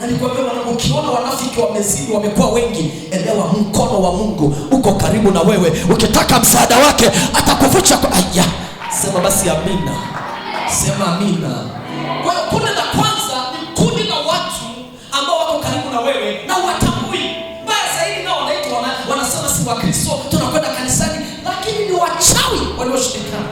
na nikwambia mwanangu, ukiona wanafiki wamezidi, wamekuwa wengi, elewa mkono wa Mungu uko karibu na wewe. Ukitaka msaada wake atakuvucha kwa aya. Sema basi amina, sema amina. Kwa hiyo kundi la kwanza ni kundi la watu ambao wako karibu na wewe na watambui. baya zaidi nao wanaitwa wanasema si Wakristo, tunakwenda kanisani, lakini ni wachawi walioshirikana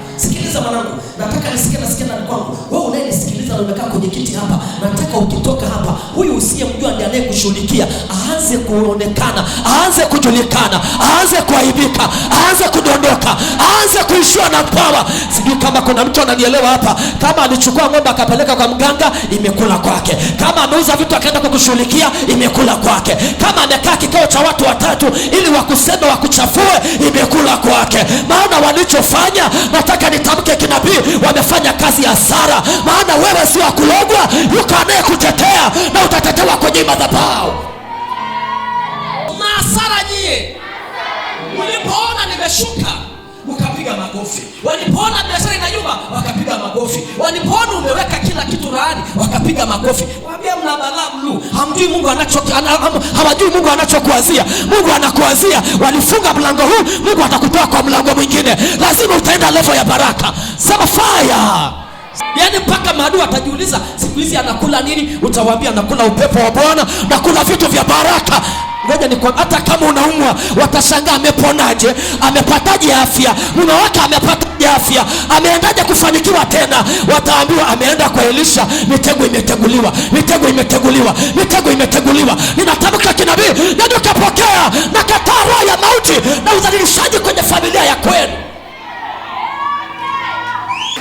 sikiliza mwanangu, nataka nisikie, nasikia ndani kwangu. Wewe unayenisikiliza na umekaa kwenye kiti hapa, nataka ukitoka hapa, huyu usiye mjua ndiye anayekushughulikia, aanze kuonekana, aanze kujulikana, aanze kuaibika, aanze kudondoka, aanze kuishiwa na pawa. Sijui kama kuna mtu ananielewa hapa. Kama alichukua ng'ombe akapeleka kwa mganga, imekula kwake. Kama ameuza vitu akaenda kukushughulikia, imekula kwake. Kama amekaa kikao cha watu watatu ili wakuseme, wakuchafue, imekula kwake. Maana walichofanya nataka nitamka wake kinabii wamefanya kazi ya sara maana wewe si wa kulogwa, yuko kutetea na utatetewa kwenye madhabahu. Maasara nyie, mlipoona nimeshuka makofi. Walipoona biashara inayumba, wakapiga magofi. Walipoona umeweka kila kitu rahani, wakapiga magofi. Waambia mna balaa hamjui Mungu anacho hawajui Mungu anachokuazia. Mungu anakuazia, walifunga mlango huu, Mungu atakutoa kwa mlango mwingine. Lazima utaenda levo ya baraka. Sema fire. Yaani mpaka maadui atajiuliza siku hizi anakula nini? Utawaambia nakula upepo wa Bwana, nakula vitu vya baraka. Ngoja ni kwa hata kama unaumwa watashangaa, ameponaje? Amepataje afya? Mume wake amepataje afya? Ameendaje kufanikiwa tena? Wataambiwa ameenda kwa Elisha, mitego imeteguliwa, mitego imeteguliwa, mitego imeteguliwa. Ninatamka kinabii, nenda ukapokea na kataa roho ya mauti na udhalilishaji kwenye familia ya kwenu.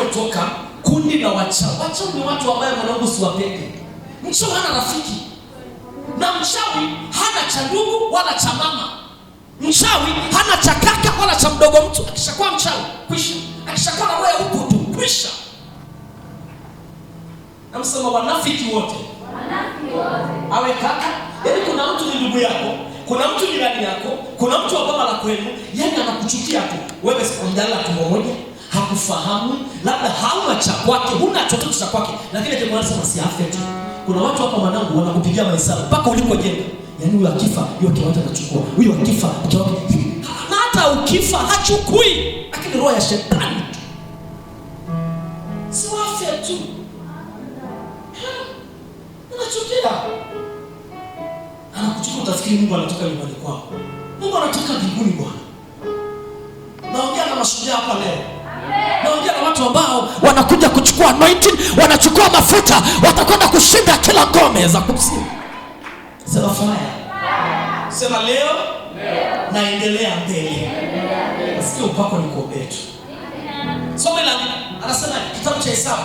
Kutoka kundi la wacha wacha, ni watu ambao Mungu siwapendi, mchawi hana rafiki na mchawi hana cha ndugu wala cha mama. Mchawi hana cha kaka wala cha mdogo mtu. Akishakuwa mchawi kwisha, akishakuwa na roho huko tu kwisha. Namsema wanafiki wote, wanafiki wote, awe kaka, yaani kuna mtu ni ndugu yako, kuna mtu ni jirani yako, kuna mtu wa baba la kwenu, yaani anakuchukia tu wewe, sikumjala tu mmoja hakufahamu, labda hauna cha kwake, huna chochote cha kwake, lakini tumwanasema si afya tu kuna watu hapa mwanangu, wanakupigia mahesabu mpaka ulikojenga. yani huyo akifa hiyo kiwanja atachukua, huyo akifa kiwanja, hata ukifa hachukui, lakini roho ya shetani tu, si wafya tu anachukia, anakuchukua utafikiri Mungu anatoka nyumbani kwao. Mungu anatoka mbinguni. Bwana, naongea na mashujaa hapa leo naongea na watu ambao wanakuja kuchukua anointing, wanachukua mafuta, watakwenda kushinda kila ngome za kuzimu. Sema fire, sema leo leo. naendelea mbele, nasikia upako ni kuobetu. Somo la anasema kitabu cha Hesabu,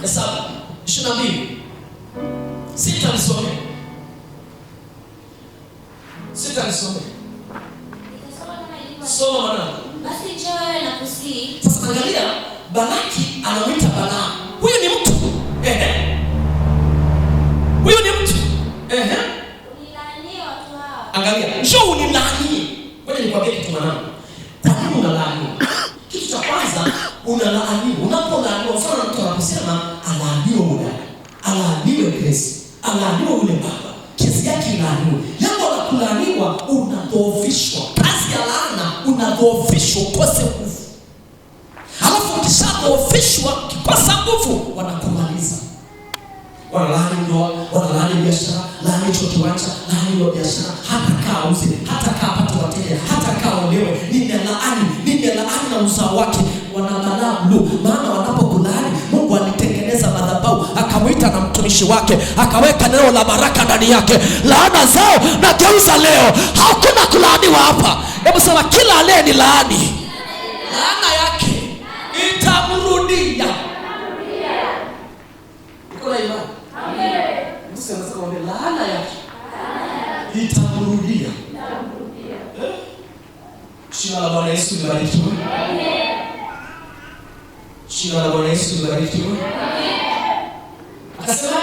Hesabu ishirini na mbili sita nisome sita nisome soma mwanangu basi Joel anakusihi. Sasa angalia, Balaki anamwita Balaamu. Huyu ni mtu ehe, huyu ni mtu ehe, unilaanie watu hao. Angalia, njoo unilaanie. Ngoja nikwambie kitu mwanangu, kwa nini unalaaniwa? Kitu cha kwanza unalaaniwa, unapolaaniwa, mfano mtu anaposema alaaniwe udada, alaaniwe Grace, alaaniwe yule baba, kesi yake ilaaniwe. Jambo la kulaaniwa, unadhoofishwa. Kazi ya laana unadhoofishwa kukutisha ukose nguvu, alafu ukishadhoofishwa ukikosa nguvu wanakumaliza. Wanalaani ndoa, wanalaani biashara, laani hicho kiwanja, laani hiyo biashara, hata kaa uze, hata kaa pata wateja, hata kaa olewe. Nini ya laani, nini ya laani na uzao wake, wanabanaa mlu, maana wanapokulaani Mungu alitengeneza madhabahu akamwita na mtumishi wake akaweka neno la baraka ndani yake. Laana zao nageuza leo, hakuna kulaaniwa hapa ni laani, laana yake itamrudia. Laana yake itamrudia. Eh? Jina la Bwana Yesu libarikiwe. Jina la Bwana Yesu libarikiwe. Akasema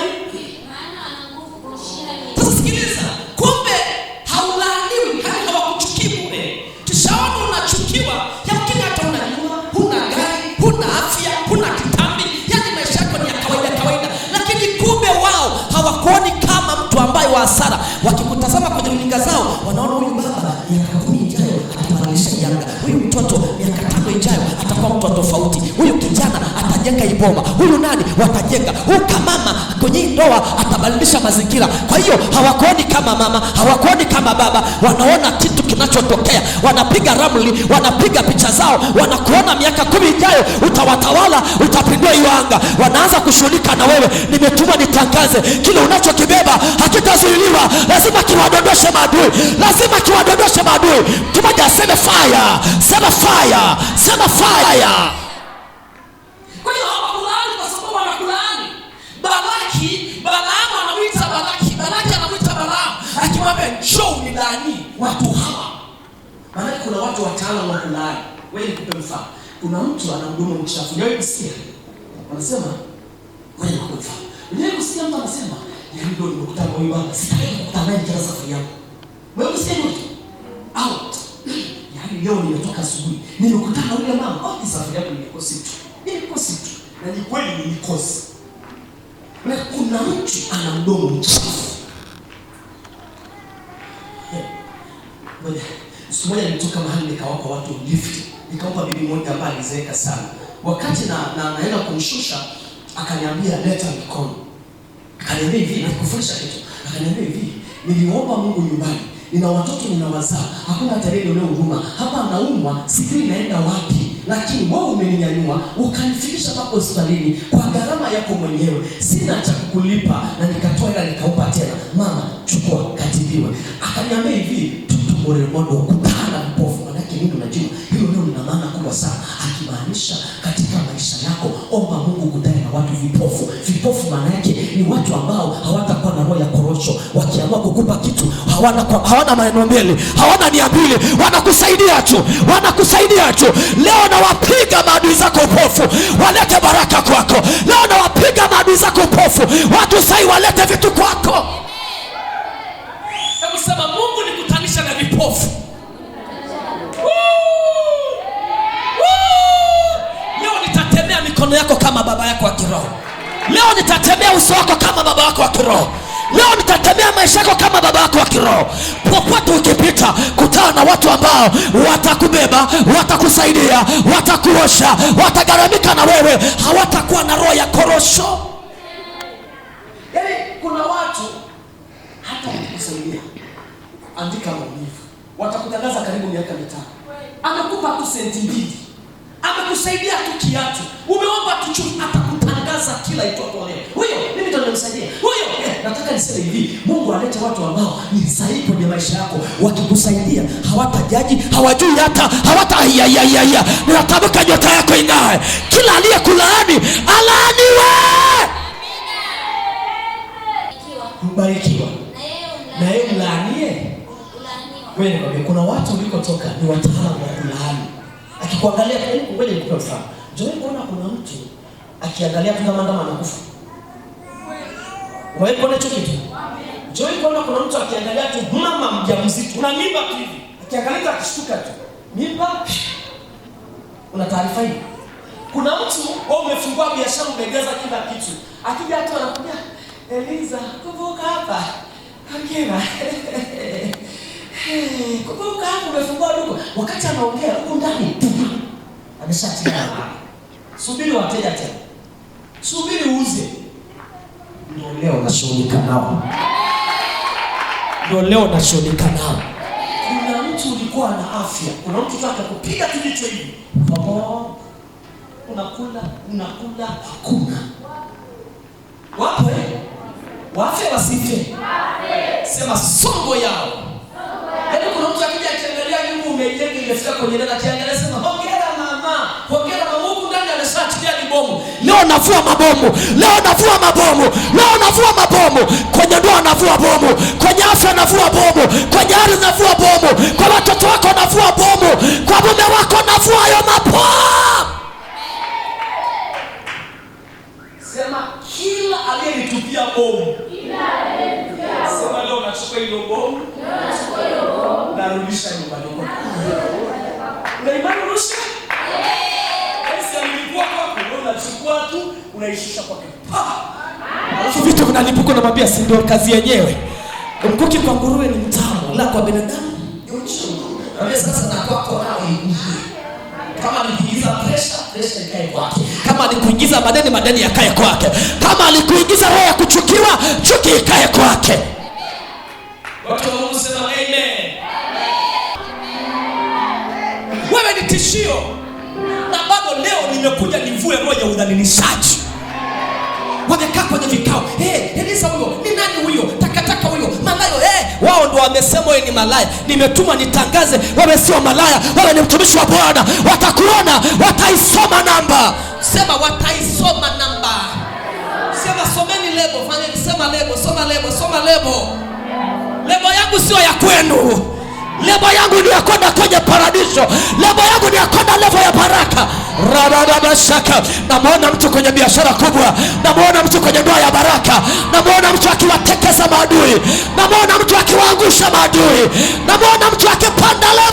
atapoma, huyu nani watajenga, huka kamama kwenye ndoa atabadilisha mazingira. Kwa hiyo hawakuoni kama mama, hawakuoni kama baba, wanaona kitu kinachotokea, wanapiga ramli, wanapiga picha zao, wanakuona miaka kumi ijayo, utawatawala, utapindua hiyo anga, wanaanza kushughulika na wewe. Nimetuma nitangaze, kile unachokibeba hakitazuiliwa, lazima kiwadondoshe maadui, lazima kiwadondoshe maadui. Mtu mmoja aseme fire, sema fire, sema fire. Maanake kuna watu wataalamu wa kulai. Wewe nikupe mfano. Kuna mtu ana huduma mchafu, Niwahi kusikia. Wanasema wewe nikupe mfano. Niwahi kusikia mtu anasema, "Yaani ndio nimekutana na wewe Sitaki kukutana naye tena safari yako." Wewe usikie hiyo. Au yaani leo nimetoka asubuhi. Nimekutana na yule mama. Oh, safari yako nilikosi tu. Nilikosi tu. Na ni kweli nilikosi. Na kuna mtu ana mdomo mchafu. Siku moja nilitoka mahali nikawapa watu lift, nikawapa bibi mmoja ambaye alizeeka sana. Wakati na, na naenda kumshusha akaniambia leta mikono. Akaniambia hivi na kufundisha kitu. Akaniambia hivi, niliomba Mungu nyumbani. Nina watoto nina wazao, Hakuna tarehe leo huruma. Hapa naumwa, sijui naenda wapi. Lakini wewe umeninyanyua ukanifikisha hapo hospitalini kwa gharama yako mwenyewe. Sina cha kukulipa na nikatoa ila nikaupa tena. Mama, chukua katibiwe. Akaniambia hivi, ulimwengu kukana mpofu. Manake nini? Unajua hiyo ndio lina maana kubwa sana, akimaanisha katika maisha yako, omba Mungu kutane na watu vipofu. Vipofu maana yake ni watu ambao hawatakuwa na roho ya korosho. Wakiamua kukupa kitu hawana kwa, hawana maneno mbele, hawana nia mbili, wanakusaidia tu, wanakusaidia tu. Leo nawapiga maadui zako upofu, walete baraka kwako. Leo nawapiga maadui zako upofu, watu sai walete vitu kwako. kipofu. Leo nitatemea mikono yako kama baba yako wa kiroho. Leo nitatemea uso wako kama baba wako wa kiroho. Leo nitatemea maisha yako kama baba yako wa kiroho. Popote ukipita, kutana na watu ambao watakubeba, watakusaidia, watakuosha, watagharamika na wewe, hawatakuwa na roho ya korosho. Yaani kuna watu hata wakusaidia, andika maoni watakutangaza karibu miaka mitano. Amekupa tu senti mbili, amekusaidia tu kiatu, umeomba tu chumi, atakutangaza kila itwapo leo. Huyo mimi ndo nimemsaidia huyo. Eh, nataka niseme hivi, Mungu alete watu ambao ni sahihi kwenye maisha yako, wakikusaidia hawatajaji, hawajui hata hawata. Natamka nyota yako ing'ae, kila aliyekula Wewe nikwambia kuna watu ulikotoka ni wataalamu wa kulaani. Akikuangalia huko wewe nikupe mfano. Joy kuona kuna mtu akiangalia tu kama ndama anakufa. Wewe kuna hicho kitu? Joy kuona kuna mtu akiangalia tu mama mjamzito una mimba tu hivi. Akiangalia akishtuka tu. Mimba? Una taarifa hii? Kuna mtu wao umefungua biashara umegaza kila kitu. Akija tu anakuambia Eliza, kumbuka hapa. Kakira. kukumka hmm, hapo umefungua duka, wakati anaongea huko ndani ameshatia. Subiri wateja tena, subiri uuze. Ndio leo nashughulika nao, ndio leo nashughulika nao. Kuna mtu ulikuwa na afya, kuna mtu taka kupiga kijicho hivi, unakula unakula, hakuna wapo, eh? wafe wasife, sema songo yao kuna mtu akija akiangalia nyumba umeijenga imefika kwenye ndani akiangalia sema hongera mama, hongera mama, huku ndani anashatilia ni bomu. Leo navua mabomu, leo navua mabomu, leo navua mabomu. Kwenye ndoa navua bomu, kwenye afya navua bomu, kwenye ardhi navua bomu, kwa watoto wako navua bomu, kwa mume wako navua hayo mabomu. Sema kila aliyenitupia bomu, kila aliyenitupia bomu. Sema leo nachoka hilo bomu anarudisha nyumbani kwako. Una imani rusha? Yesu alilipua kwako, wewe unachukua tu, unaishusha kwake. Alafu vitu vinalipuka, unamwambia si ndio kazi yenyewe. Mkuki kwa nguruwe ni mtamu, la kwa binadamu ni uchungu. Ambia sasa na kwako nao ingie. Kama alikuingiza presha, presha ikae kwake. Kama alikuingiza madeni, madeni yakae kwake. Kama alikuingiza roho ya kuchukiwa, chuki ikae kwake. wewe ni tishio, na bado leo nimekuja nivue roho ya udhalilishaji. Wamekaa kwenye vikao, hey, eh, Elisa huyo ni nani huyo? Takataka huyo, malayo hey. Eh, wao ndo wamesema wewe ni malaya. Nimetuma nitangaze, wewe sio malaya, wewe ni mtumishi wa Bwana. Watakuona, wataisoma namba. Sema wataisoma namba. Sema someni lebo, fanyeni, sema lebo, soma lebo, soma lebo. Lebo yangu sio ya kwenu lebo yangu ni ya kwenda kwenye paradiso, lebo yangu ni ya kwenda levo ya baraka. Radadabashaka, namwona mtu kwenye biashara kubwa, namwona mtu kwenye ndoa ya baraka, namwona mtu akiwatekeza maadui, namwona mtu akiwaangusha maadui, namwona mtu akipanda levo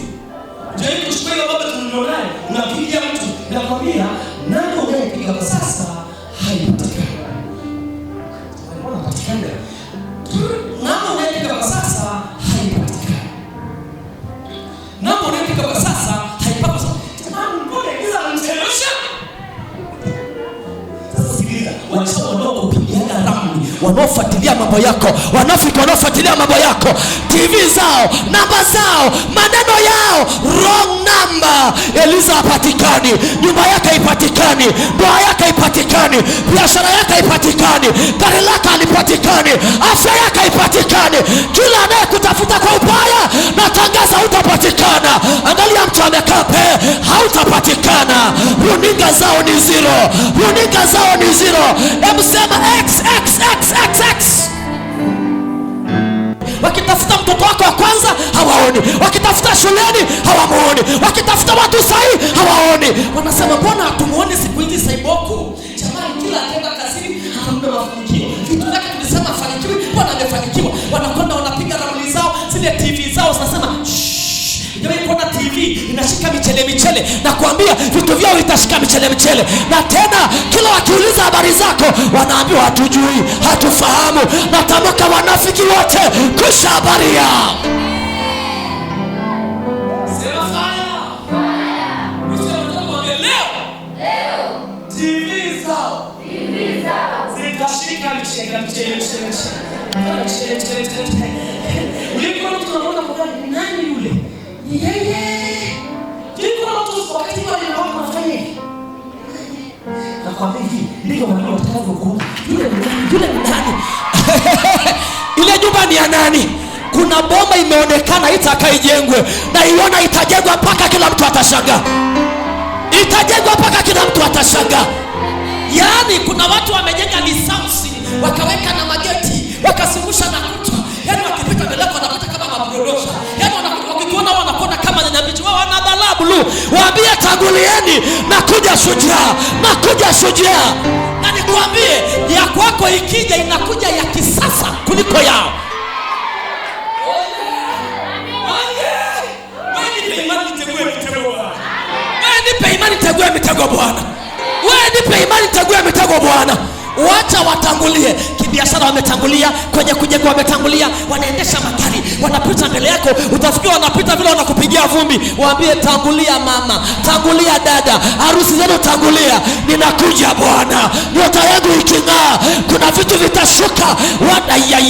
Yaani kushukuru baba tulionaye, unapiga mtu nakwambia mambo yako, wanafiki wanaofuatilia mambo yako, TV zao, namba zao, maneno yao, wrong number. Eliza hapatikani, nyumba yake haipatikani, ndoa yake haipatikani, biashara yake haipatikani, gari lake halipatikani, afya yake haipatikani. Kila anayekutafuta kwa ubaya, natangaza hutapatikana. Angalia mtu amekape, hautapatikana. Runinga zao ni zero, runinga zao ni zero. Hebu sema x x x x x wakitafuta mtoto wako wa kwanza hawaoni, wakitafuta shuleni hawamuoni, wakitafuta watu sahihi hawaoni, wanasema mbona hatumuoni siku hizi Saiboku? Jamani, kila akienda kazini hamna mafanikio, vitu vyake tulisema afanikiwe, mbona amefanikiwa? Wanakwenda wanapiga ramli zao, zile TV zao zinasema hii inashika michele michele, na kuambia vitu vyao vitashika michele michele, na tena kila wakiuliza habari zako wanaambiwa hatujui, hatufahamu. Natamka wanafiki wote kusha habaria Ile nyumba ni ya nani? Kuna bomba imeonekana itakaijengwe, na iona itajengwa mpaka kila mtu atashangaa, itajengwa mpaka kila mtu atashangaa. Yaani kuna watu wamejenga lisausi wakaweka na mageti wakazungusha na kuta, yaani wakipita mbele yako wanapita kama maprorosha, yaani wakikuona wanakuona kama nyanya mbichi wao la bluu, waambie tangulieni, nakuja shujaa, nakuja shujaa. Na nikwambie ya kwako ikija inakuja ya kisasa kuliko yao. Nipe imani, tegue mitego Bwana, we nipe imani, tegue mitego Bwana. Wacha watangulie kibiashara, wametangulia kwenye kujengwa, wametangulia wanaendesha magari, wanapita mbele yako, utafikia wanapita vile, wanakupigia vumbi. Waambie tangulia mama, tangulia dada, harusi zenu tangulia, ninakuja Bwana, nyota yangu iking'aa, kuna vitu vitashuka. Utapiga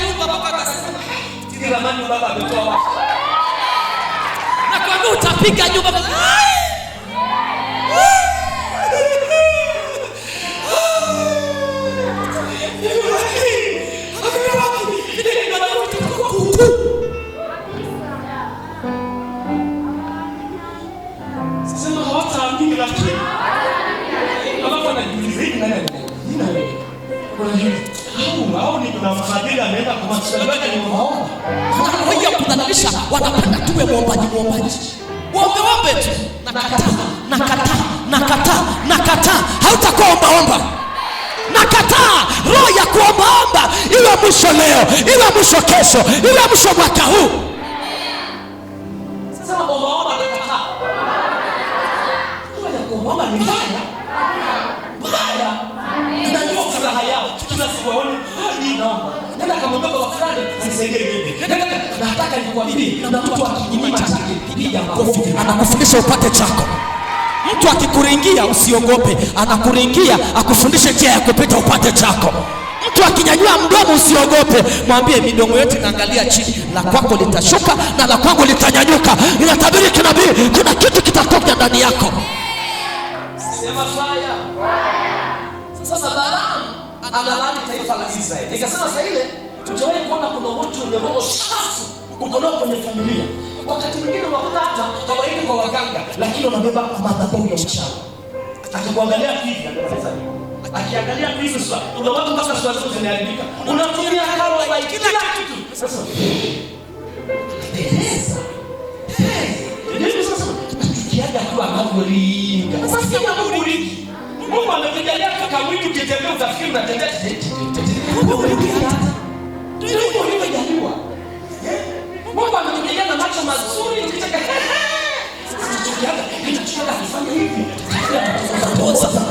nyumba mpaka utapiga nyumba jina yeye jina yeye kuna hivi au maoni tunamfadhili tuwe muombaji muombaji waombe waombe tu nakataa nakataa nakataa nakataa hautakuomba omba nakataa roho ya kuombaomba iwe mwisho leo iwe mwisho kesho iwe mwisho mwaka huu sasa ombaomba nakataa roho ya kuombaomba ni mbaya watu waone Nenda kamwambia baba fulani anisaidie mimi. Nenda nataka na mtu chake piga makofi. Anakufundisha upate chako. Mtu akikuringia usiogope, anakuringia akufundishe njia ya kupita upate chako. Mtu akinyanyua mdomo usiogope, mwambie midomo yote inaangalia chini, la kwako litashuka na la kwangu litanyanyuka. Inatabiri kinabii, kuna kitu kitatoka ndani yako. Sema faya. Sasa baraka analani taifa la Israeli. Nikasema sasa, ile tujawahi kuona kuna mtu mwenye roho chafu uko nao kwenye familia, wakati mwingine unakuta hata hawaendi kwa waganga, lakini wanabeba madhabahu ya uchawi. Akikuangalia hivi akiangalia hivi sasa, kuna watu mpaka sura zao zinaharibika, unatumia kama kila kitu sasa sasa, anavyolinga sasa, si anavyolinga Mungu amekujalia kaka mwili ukitembea utafikiri unatetea titi. Mungu ulivyojaliwa. Mungu amekujalia na macho mazuri ukitaka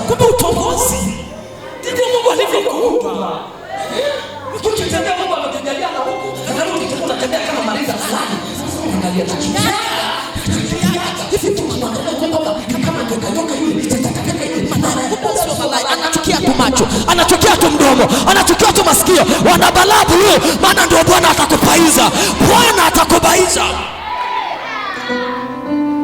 kumbe utongozi ndivyo Mungu alivyokuumba. Ukitembea Mungu amekujalia na huku, kama ukitembea unatembea kama maliza fulani. Angalia tatizo. Hivi tu kama kama kama kama kama tu macho, anachukia tu mdomo, anachukia tu masikio, wana buluu, maana ndio Bwana atakupaiza Bwana atakubaiza.